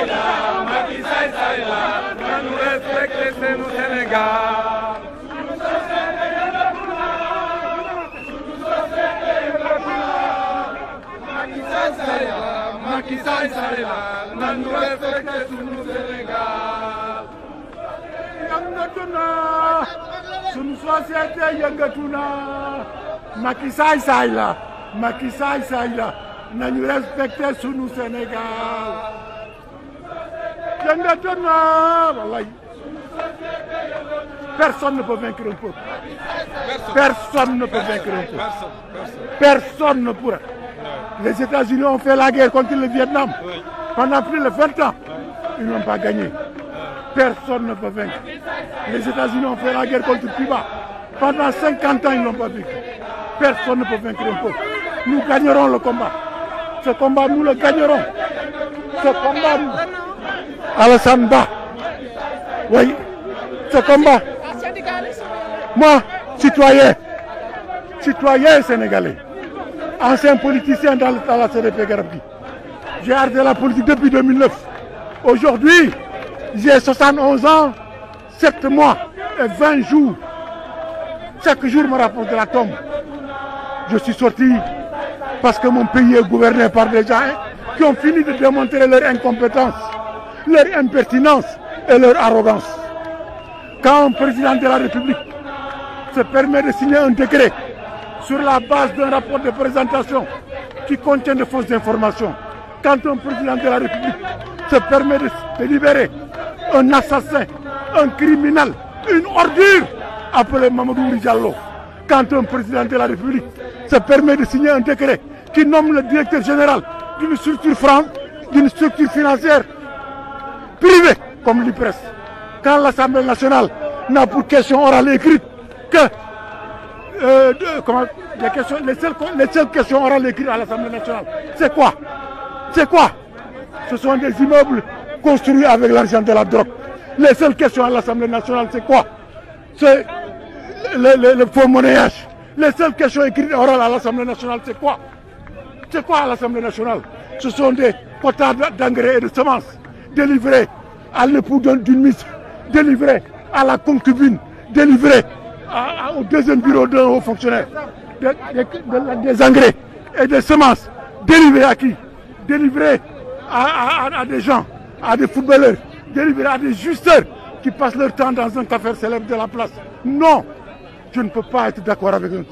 saay la sunu Sénégal yëngatu sunu société yëngatu na Macky saay saay sunu Sénégal Personne ne peut vaincre un peuple. Personne, ne peut vaincre un peuple. Personne, ne pourra. Les États-Unis ont fait la guerre contre le Vietnam pendant plus de 20 ans. Ils n'ont pas gagné. Personne ne peut vaincre. Les États-Unis ont fait la guerre contre Cuba. Pendant 50 ans, ils n'ont pas vaincu. Personne ne peut vaincre un peuple. Nous gagnerons le combat. Ce combat, nous le gagnerons. Ce combat, nous... Alassane Ba. Oui, ce combat. Moi, citoyen, citoyen sénégalais, ancien politicien dans, la CDP Garabdi. J'ai ardé la politique depuis 2009. Aujourd'hui, j'ai 71 ans, 7 mois et 20 jours. Chaque jour me rapporte la tombe. Je suis sorti parce que mon pays est gouverné par des gens hein, qui ont fini de démontrer leur incompétence leur impertinence et leur arrogance. Quand un président de la République se permet de signer un décret sur la base d'un rapport de présentation qui contient de fausses informations, quand un président de la République se permet de libérer un assassin, un criminel, une ordure, appelée Mamadou Diallo, quand un président de la République se permet de signer un décret qui nomme le directeur général d'une structure d'une structure financière Privé, comme l'IPRES. Quand l'Assemblée nationale n'a pour question orale écrite euh, que les, seules, questions orales écrites à l'Assemblée nationale, c'est quoi C'est quoi Ce sont des immeubles construits avec l'argent de la drogue. Les seules questions à l'Assemblée nationale, c'est quoi C'est le, faux monnayage. Les seules questions écrites orales à l'Assemblée nationale, c'est quoi C'est quoi à l'Assemblée nationale Ce sont des potables d'engrais et de semences délivrés à l'époux d'une mise, délivré à la concubine, délivré au deuxième bureau d'un haut fonctionnaire, des engrais et des semences, délivré à qui Délivré à, des gens, à des footballeurs, délivré à des justeurs qui passent leur temps dans un café célèbre de la place. Non, je ne peux pas être d'accord avec eux.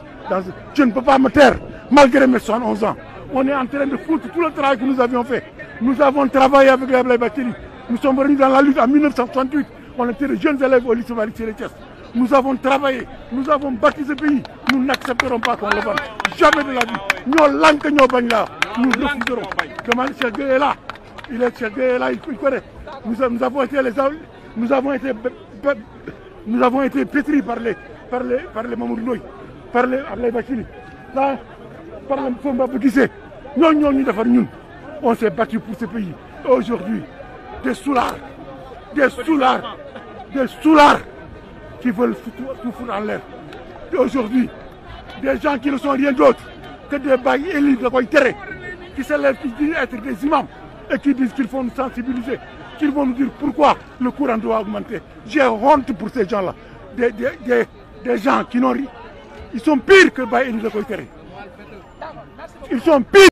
je ne peux pas me taire, malgré mes 71 ans. On est en train de foutre tout le travail que nous avions fait. Nous avons travaillé avec la Bactérie nous sommes venus dans la lutte en 1968. On était des jeunes élèves au lycée marie Nous avons travaillé, nous avons bâti ce pays. Nous n'accepterons pas qu'on le Jamais de la vie. Nous langues nous Nous refuserons. Comment est là Il est là, il connaît. Nous, avons été les nous avons été nous avons été pétris par les par les par les par les Ablaï là, par les Fomba Boudissé. nous, on s'est battu pour ce pays. Aujourd'hui, des soulards, des soulards, des soulards qui veulent tout foutre en l'air. Et aujourd'hui, des gens qui ne sont rien d'autre que des bails de Koïtéré, qui se qui disent être des imams et qui disent qu'ils vont nous sensibiliser, qu'ils vont nous dire pourquoi le courant doit augmenter. J'ai honte pour ces gens-là, des, gens qui n'ont rien. Ils sont pires que les bails de Ils sont pires.